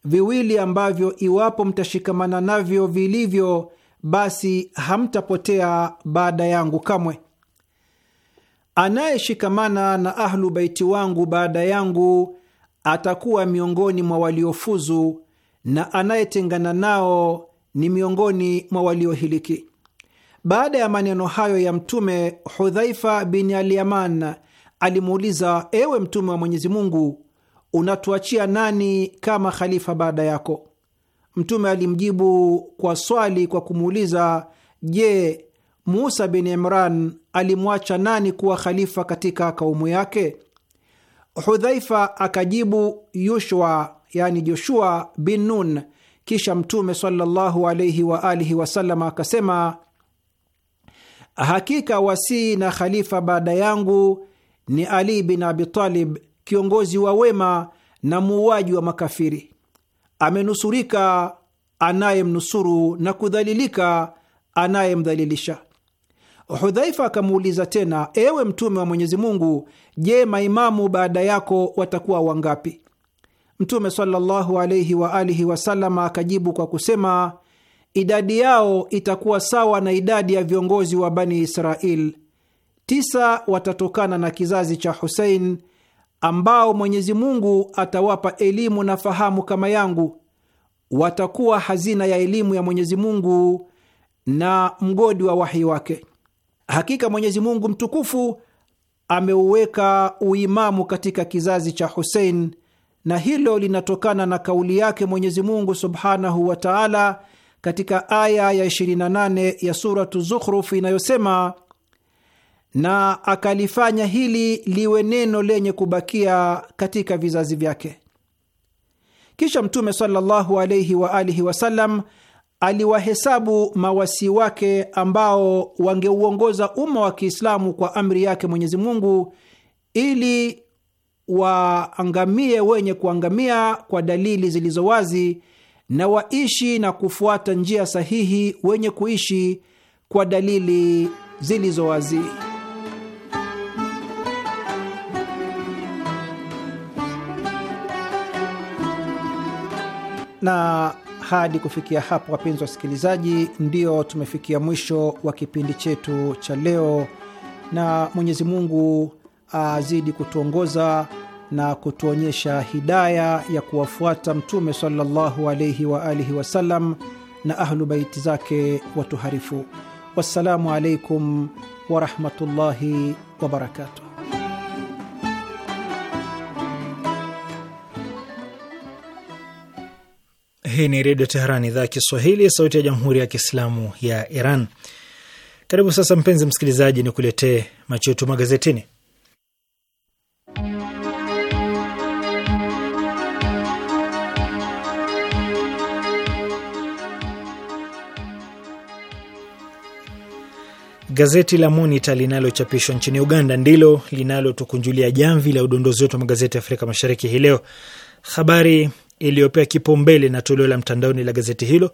viwili ambavyo iwapo mtashikamana navyo vilivyo basi hamtapotea baada yangu kamwe. Anayeshikamana na Ahlu Baiti wangu baada yangu atakuwa miongoni mwa waliofuzu, na anayetengana nao ni miongoni mwa waliohiliki. Baada ya maneno hayo ya Mtume, Hudhaifa bin Aliyaman alimuuliza, ewe Mtume wa Mwenyezi Mungu, unatuachia nani kama khalifa baada yako? Mtume alimjibu kwa swali kwa kumuuliza, je, Musa bin Imran alimwacha nani kuwa khalifa katika kaumu yake? Hudhaifa akajibu Yushwa, yani Joshua bin Nun. Kisha Mtume sallallahu alaihi wa alihi wasallam akasema, hakika wasii na khalifa baada yangu ni Ali bin Abi Talib, kiongozi wa wema na muuaji wa makafiri amenusurika anayemnusuru na kudhalilika anayemdhalilisha. Hudhaifa akamuuliza tena, ewe Mtume wa Mwenyezi Mungu, je, maimamu baada yako watakuwa wangapi? Mtume sallallahu alaihi wa alihi akajibu kwa kusema, idadi yao itakuwa sawa na idadi ya viongozi wa Bani Israil, tisa watatokana na kizazi cha Husein ambao Mwenyezi Mungu atawapa elimu na fahamu kama yangu, watakuwa hazina ya elimu ya Mwenyezi Mungu na mgodi wa wahi wake. Hakika Mwenyezi Mungu mtukufu ameuweka uimamu katika kizazi cha Husein, na hilo linatokana na kauli yake Mwenyezi Mungu subhanahu wa taala katika aya ya 28 ya Suratu Zukhruf inayosema na akalifanya hili liwe neno lenye kubakia katika vizazi vyake. Kisha Mtume sallallahu alaihi wa alihi wasallam aliwahesabu mawasi wake ambao wangeuongoza umma wa Kiislamu kwa amri yake Mwenyezi Mungu ili waangamie wenye kuangamia kwa dalili zilizo wazi na waishi na kufuata njia sahihi wenye kuishi kwa dalili zilizo wazi. na hadi kufikia hapo, wapenzi wasikilizaji, ndio tumefikia mwisho wa kipindi chetu cha leo, na Mwenyezi Mungu azidi kutuongoza na kutuonyesha hidaya ya kuwafuata Mtume sallallahu alaihi wa alihi wasallam na ahlu baiti zake watuharifu. Wassalamu alaikum warahmatullahi wabarakatu Hii ni Redio Teheran, idhaa ya Kiswahili, sauti ya Jamhuri ya Kiislamu ya Iran. Karibu sasa, mpenzi msikilizaji, ni kuletee macho yetu magazetini. Gazeti la Monita linalochapishwa nchini Uganda ndilo linalotukunjulia jamvi la udondozi wetu wa magazeti ya Afrika Mashariki hii leo. Habari iliyopewa kipaumbele na toleo la mtandaoni la gazeti hilo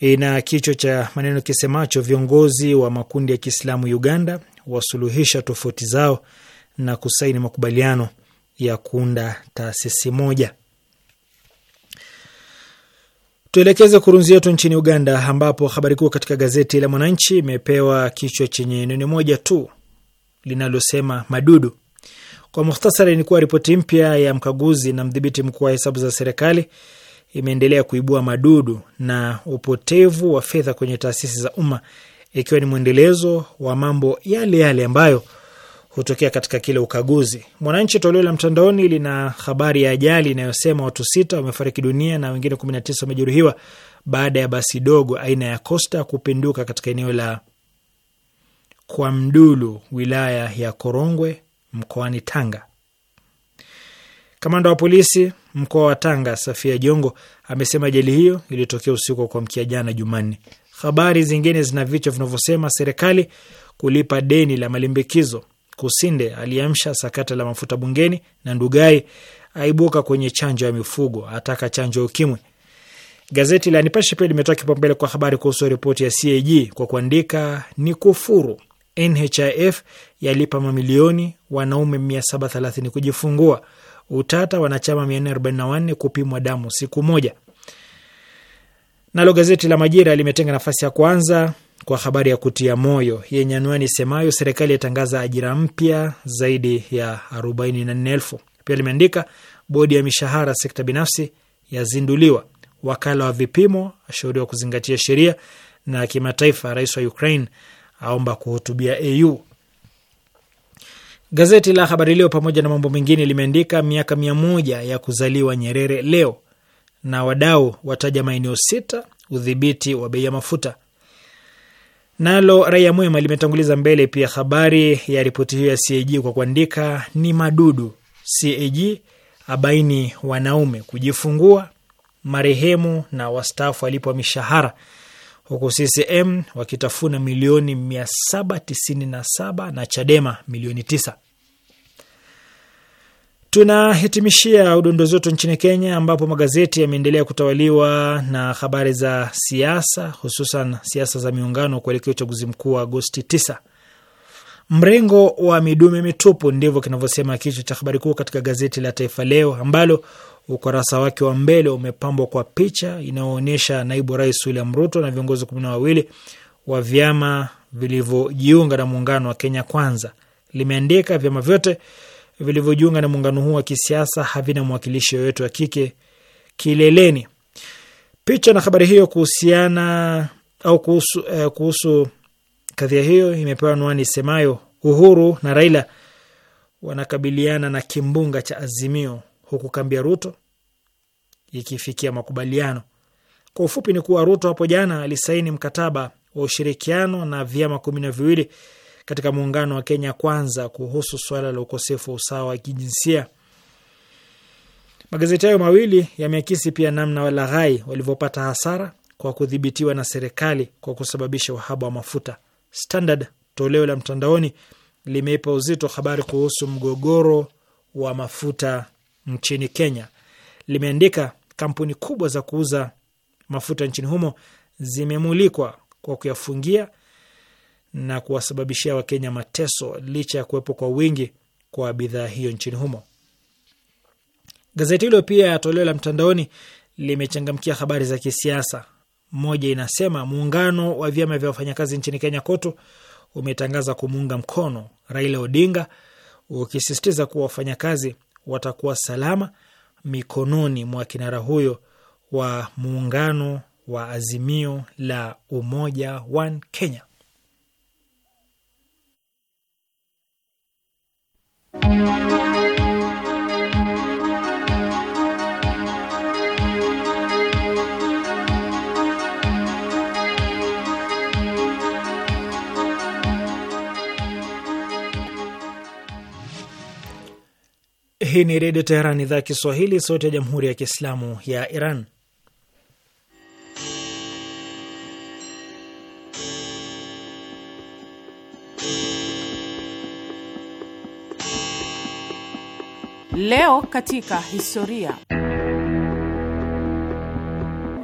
ina kichwa cha maneno kisemacho viongozi wa makundi ya Kiislamu Uganda wasuluhisha tofauti zao na kusaini makubaliano ya kuunda taasisi moja. Tuelekeze kurunzi yetu nchini Uganda, ambapo habari kuu katika gazeti la Mwananchi imepewa kichwa chenye neno moja tu linalosema madudu kwa muhtasari, ni kuwa ripoti mpya ya mkaguzi na mdhibiti mkuu wa hesabu za serikali imeendelea kuibua madudu na upotevu wa fedha kwenye taasisi za umma, ikiwa ni mwendelezo wa mambo yale yale ambayo hutokea katika kile ukaguzi. Mwananchi toleo la mtandaoni lina habari ya ajali inayosema watu sita wamefariki dunia na wengine tisa wamejeruhiwa baada ya basi dogo aina ya kosta kupinduka katika eneo la Kwamdulu, wilaya ya Korongwe, mkoani Tanga. Kamanda wa polisi mkoa wa Tanga, Safia Jongo, amesema ajali hiyo ilitokea usiku wa kuamkia jana Jumanne. Habari zingine zina vichwa vinavyosema serikali kulipa deni la malimbikizo, Kusinde aliamsha sakata la mafuta bungeni, na Ndugai aibuka kwenye chanjo ya mifugo, ataka chanjo ya ukimwi. Gazeti la Nipashe pia limetoa kipaumbele kwa habari kuhusu ripoti ya CAG kwa kuandika ni kufuru NHIF yalipa mamilioni wanaume 730 kujifungua. Utata wanachama 444 kupimwa damu siku moja. Nalo gazeti la Majira limetenga nafasi ya kwanza kwa habari ya kutia moyo yenye anwani semayo serikali yatangaza ajira mpya zaidi ya 44,000. Pia limeandika bodi ya mishahara sekta binafsi yazinduliwa, wakala wa vipimo ashauriwa kuzingatia sheria, na kimataifa, rais wa Ukraine aomba kuhutubia AU. Gazeti la Habari Leo pamoja na mambo mengine limeandika miaka mia moja ya kuzaliwa Nyerere leo, na wadau wataja maeneo sita udhibiti wa bei ya mafuta. Nalo Raia Mwema limetanguliza mbele pia habari ya ripoti hiyo ya CAG kwa kuandika ni madudu, CAG abaini wanaume kujifungua, marehemu na wastaafu alipo mishahara huku CCM wakitafuna milioni mia saba tisini na saba na Chadema milioni tisa. Tunahitimishia udondozi wetu nchini Kenya, ambapo magazeti yameendelea kutawaliwa na habari za siasa, hususan siasa za miungano kuelekea uchaguzi mkuu wa Agosti 9. Mrengo wa midume mitupu, ndivyo kinavyosema kichwa cha habari kuu katika gazeti la Taifa Leo, ambalo Ukurasa wake wa mbele umepambwa kwa picha inayoonyesha naibu rais William Ruto na viongozi kumi na wawili wa vyama vilivyojiunga na muungano wa Kenya Kwanza. Limeandika vyama vyote vilivyojiunga na muungano huu wa kisiasa havina mwakilishi yoyote wa kike kileleni. Picha na habari hiyo kuhusiana au kuhusu, eh, kuhusu kadhia hiyo imepewa anwani semayo Uhuru na Raila wanakabiliana na kimbunga cha Azimio huku kambi ya Ruto ikifikia makubaliano. Kwa ufupi ni kuwa Ruto hapo jana alisaini mkataba wa ushirikiano na vyama kumi na viwili katika muungano wa Kenya Kwanza kuhusu suala la ukosefu wa usawa wa kijinsia. Magazeti hayo mawili yameakisi pia namna walaghai walivyopata hasara kwa kudhibitiwa na serikali kwa kusababisha uhaba wa mafuta. Standard toleo la mtandaoni limeipa uzito habari kuhusu mgogoro wa mafuta nchini Kenya. Limeandika kampuni kubwa za kuuza mafuta nchini humo zimemulikwa kwa kuyafungia na kuwasababishia Wakenya mateso licha ya kuwepo kwa wingi kwa bidhaa hiyo nchini humo. Gazeti hilo pia ya toleo la mtandaoni limechangamkia habari za kisiasa. Moja inasema muungano wa vyama vya wafanyakazi nchini Kenya KOTU umetangaza kumuunga mkono Raila Odinga ukisisitiza kuwa wafanyakazi watakuwa salama mikononi mwa kinara huyo wa muungano wa Azimio la Umoja One Kenya. Hii ni Redio Teheran, idhaa ya Kiswahili, sauti ya Jamhuri ya Kiislamu ya Iran. Leo katika historia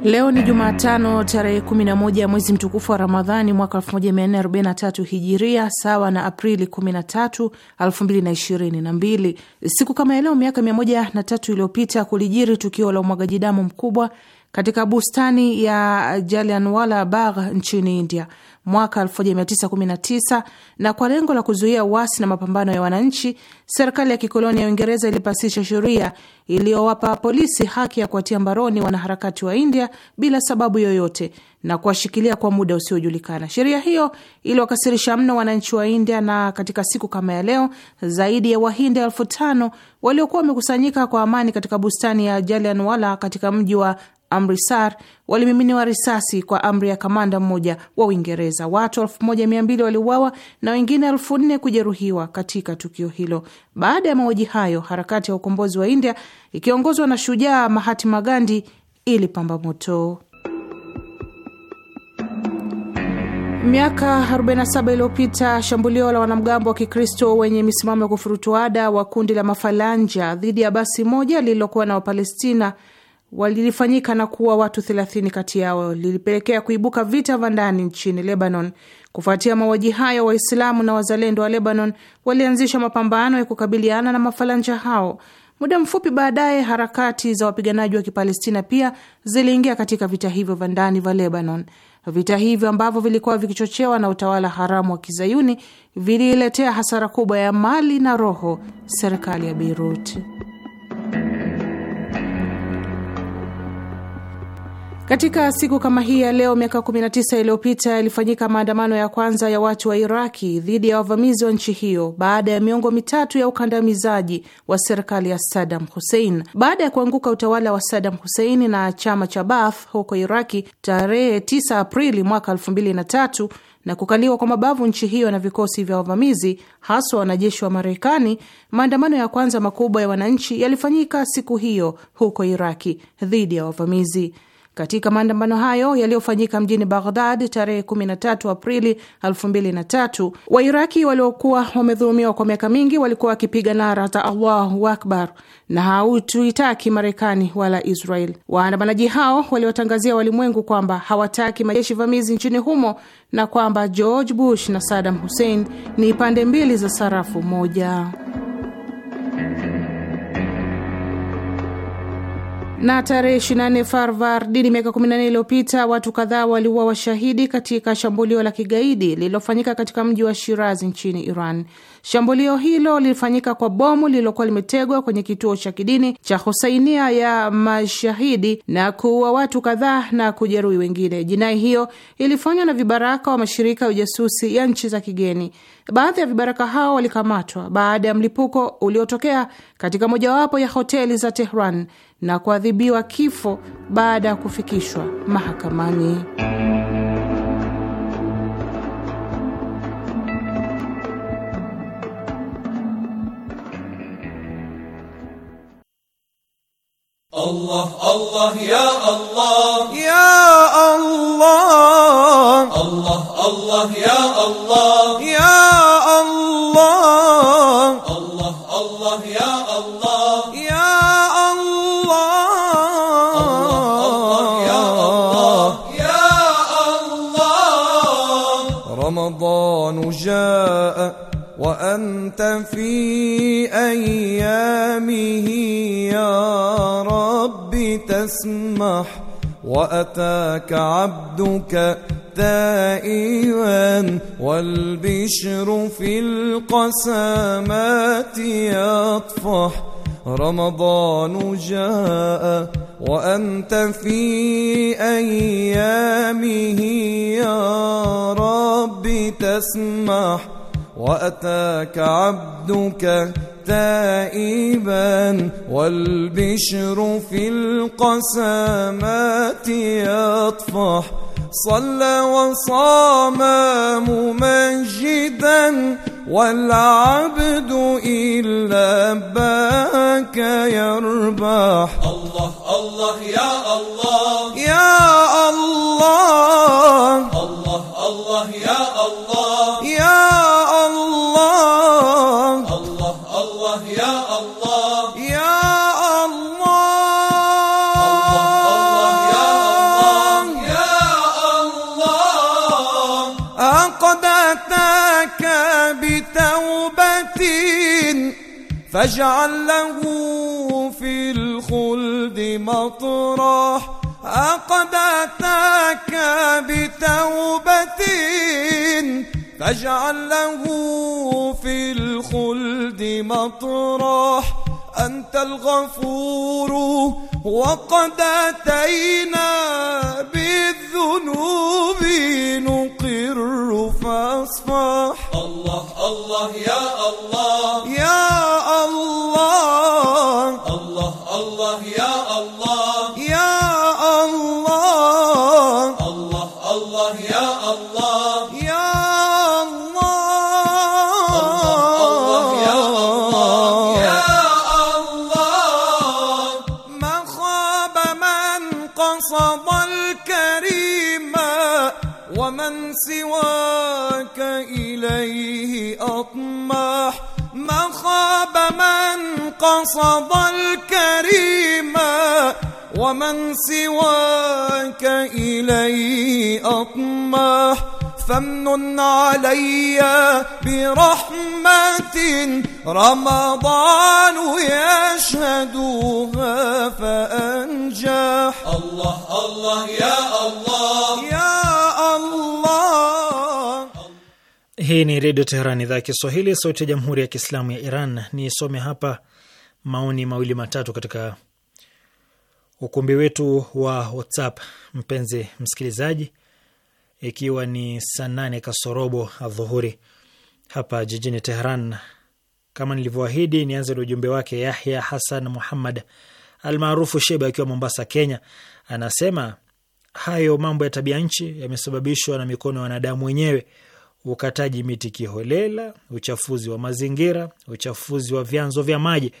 Leo ni Jumatano tarehe 11 mwezi mtukufu wa Ramadhani mwaka 1443 hijiria sawa na Aprili 13, 2022. Siku kama ya leo miaka 103 iliyopita kulijiri tukio la umwagaji damu mkubwa katika bustani ya Jallianwala Bagh nchini India mwaka 1919 na kwa lengo la kuzuia uasi na mapambano ya wananchi, serikali ya kikoloni ya Uingereza ilipasisha sheria iliyowapa polisi haki ya kuwatia mbaroni wanaharakati wa India bila sababu yoyote na kuwashikilia kwa muda usiojulikana. Sheria hiyo iliwakasirisha mno wananchi wa India, na katika siku kama ya leo zaidi ya Wahindi elfu tano waliokuwa wamekusanyika kwa amani katika bustani ya Jalianwala katika mji wa Amritsar walimiminiwa risasi kwa amri ya kamanda mmoja wa Uingereza. Watu elfu moja mia mbili waliuawa na wengine elfu nne kujeruhiwa katika tukio hilo. Baada ya mauaji hayo, harakati ya ukombozi wa India ikiongozwa na shujaa Mahatma Gandhi ilipamba moto. Miaka 47 iliyopita shambulio la wanamgambo wa Kikristo wenye misimamo ya kufurutuada wa kundi la Mafalanja dhidi ya basi moja lililokuwa na Wapalestina walilifanyika na kuwa watu 30 kati yao lilipelekea kuibuka vita vya ndani nchini Lebanon. Kufuatia mauaji hayo, Waislamu na wazalendo wa Lebanon walianzisha mapambano ya kukabiliana na mafalanja hao. Muda mfupi baadaye, harakati za wapiganaji wa Kipalestina pia ziliingia katika vita hivyo vya ndani vya Lebanon. Vita hivyo ambavyo vilikuwa vikichochewa na utawala haramu wa Kizayuni viliiletea hasara kubwa ya mali na roho serikali ya Beirut. Katika siku kama hii ya leo miaka 19 iliyopita yalifanyika maandamano ya kwanza ya watu wa Iraki dhidi ya wavamizi wa nchi hiyo baada ya miongo mitatu ya ukandamizaji wa serikali ya Saddam Hussein. Baada ya kuanguka utawala wa Saddam Hussein na chama cha Baath huko Iraki tarehe 9 Aprili mwaka 2003 na kukaliwa kwa mabavu nchi hiyo na vikosi vya wavamizi haswa wanajeshi wa Marekani, maandamano ya kwanza makubwa ya wananchi yalifanyika siku hiyo huko Iraki dhidi ya wavamizi. Katika maandamano hayo yaliyofanyika mjini Baghdad tarehe 13 Aprili 2003, Wairaki waliokuwa wamedhulumiwa kwa miaka mingi walikuwa wakipiga nara za Allahu akbar na hautuitaki Marekani wala Israel. Waandamanaji hao waliwatangazia walimwengu kwamba hawataki majeshi vamizi nchini humo na kwamba George Bush na Saddam Hussein ni pande mbili za sarafu moja. Na tarehe 24 Farvardin miaka 14 iliyopita watu kadhaa waliuwa washahidi katika shambulio la kigaidi lililofanyika katika mji wa Shirazi nchini Iran. Shambulio hilo lilifanyika kwa bomu lililokuwa limetegwa kwenye kituo cha kidini cha Husainia ya Mashahidi na kuua watu kadhaa na kujeruhi wengine. Jinai hiyo ilifanywa na vibaraka wa mashirika ya ujasusi ya nchi za kigeni. Baadhi ya vibaraka hao walikamatwa baada ya mlipuko uliotokea katika mojawapo ya hoteli za Tehran na kuadhibiwa kifo baada ya kufikishwa mahakamani. الله الله يا الله يا الله الله الله يا الله يا الله الله الله يا الله يا الله يا الله رمضان جاء وأنت في أيامه يا تسمح وأتاك عبدك تائبا والبشر في القسامات يطفح رمضان جاء وأنت في أيامه يا رب تسمح وأتاك عبدك تائبا والبشر في القسامات يطفح صلى وصام ممجدا والعبد إلا باك يربح الله الله يا الله يا الله الله الله يا الله فاجعل له في الخلد مطرح أقد أتاك بتوبة فاجعل له في الخلد مطرح أنت الغفور وقد أتينا بالذنوب نقر فاصفح الله الله يا الله يا الله الله الله يا الله فمن قصد الكريم ومن سواك إلي أطمح فمن علي برحمة رمضان يشهدها فأنجح الله الله يا الله يا الله Hii ni Redio Teheran, idhaa ya Kiswahili, sauti ya Jamhuri ya Kiislamu ya Iran. Nisome hapa maoni mawili matatu katika ukumbi wetu wa WhatsApp. Mpenzi msikilizaji, ikiwa ni saa nane kasorobo adhuhuri hapa jijini Teheran, kama nilivyoahidi, nianze na ujumbe wake Yahya Hasan Muhammad almaarufu Shebe akiwa Mombasa, Kenya. Anasema hayo mambo ya tabia nchi yamesababishwa na mikono ya wanadamu wenyewe ukataji miti kiholela, uchafuzi wa mazingira, uchafuzi wa vyanzo vya maji,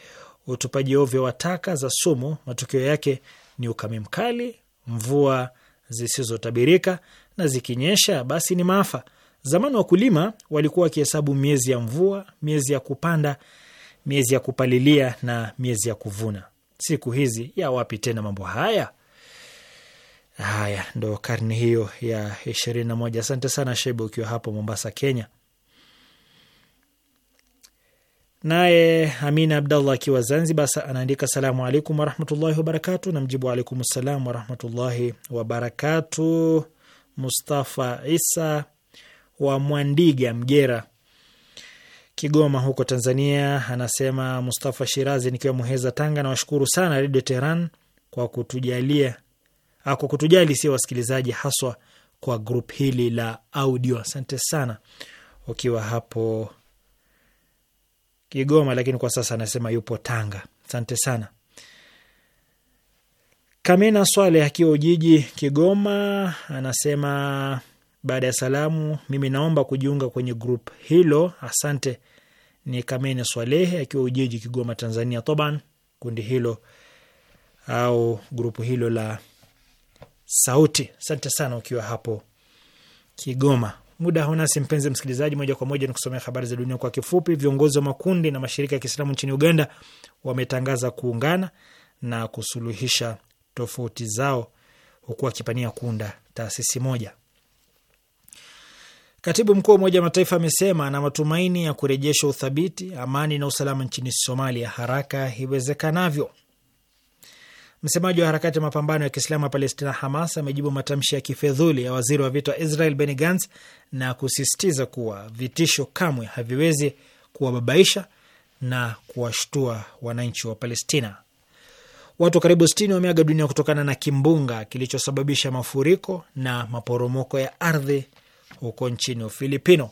utupaji ovyo wa taka za sumu. Matokeo yake ni ukame mkali, mvua zisizotabirika, na zikinyesha basi ni maafa. Zamani wakulima walikuwa wakihesabu miezi ya mvua, miezi ya kupanda, miezi ya kupalilia na miezi ya kuvuna. Siku hizi ya wapi tena mambo haya? Haya ndo karne hiyo ya ishirini na moja. Asante sana Shebe, ukiwa hapo Mombasa, Kenya. Naye Amina Abdallah akiwa Zanzibar anaandika salamu alaikum warahmatullahi wabarakatu, na mjibu alaikum salam warahmatullahi wabarakatu. Mustafa Isa wa Mwandiga, Mgera, Kigoma huko Tanzania anasema, Mustafa Shirazi nikiwa Muheza, Tanga, nawashukuru sana Redio Teheran kwa kutujalia Ah, kwa sio wasikilizaji, haswa kwa grup hili la audio. Asante sana ukiwa hapo Kigoma, lakini kwa sasa anasema yupo Tanga. Asante sana Kamena Swale akiwa Ujiji, Kigoma, anasema baada ya salamu, mimi naomba kujiunga kwenye grup hilo. Asante. Ni Kamene Swalehe akiwa Ujiji, Kigoma, Tanzania. Toban kundi hilo au grupu hilo la sauti. Asante sana ukiwa hapo Kigoma. Muda hunasi mpenzi msikilizaji, moja kwa moja ni kusomea habari za dunia kwa kifupi. Viongozi wa makundi na mashirika ya Kiislamu nchini Uganda wametangaza kuungana na kusuluhisha tofauti zao huku wakipania kuunda taasisi moja. Katibu mkuu wa Umoja wa Mataifa amesema ana matumaini ya kurejesha uthabiti, amani na usalama nchini Somalia haraka iwezekanavyo. Msemaji wa harakati ya mapambano ya Kiislamu ya Palestina, Hamas, amejibu matamshi ya kifedhuli ya waziri wa vita wa Israel Benny Gantz na kusisitiza kuwa vitisho kamwe haviwezi kuwababaisha na kuwashtua wananchi wa Palestina. Watu karibu sitini wameaga dunia kutokana na kimbunga kilichosababisha mafuriko na maporomoko ya ardhi huko nchini Ufilipino.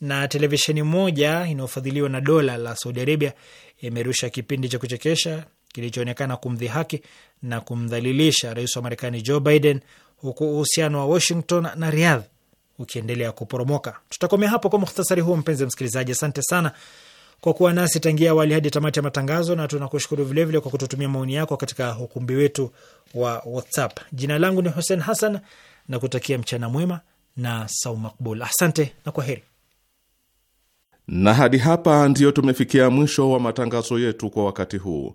Na televisheni moja inayofadhiliwa na dola la Saudi Arabia imerusha kipindi cha kuchekesha kilichoonekana kumdhihaki na kumdhalilisha rais wa Marekani Joe Biden, huku uhusiano wa Washington na Riyadh ukiendelea kuporomoka. Tutakomea hapo kwa muhtasari huo, mpenzi msikilizaji. Asante sana kwa kuwa nasi tangia awali hadi tamati ya matangazo, na tunakushukuru vilevile kwa kututumia maoni yako katika ukumbi wetu wa WhatsApp. Jina langu ni Hussein Hassan na kutakia mchana mwema na sau makbul. Asante na kwa heri. Na hadi hapa ndiyo tumefikia mwisho wa matangazo yetu kwa wakati huu.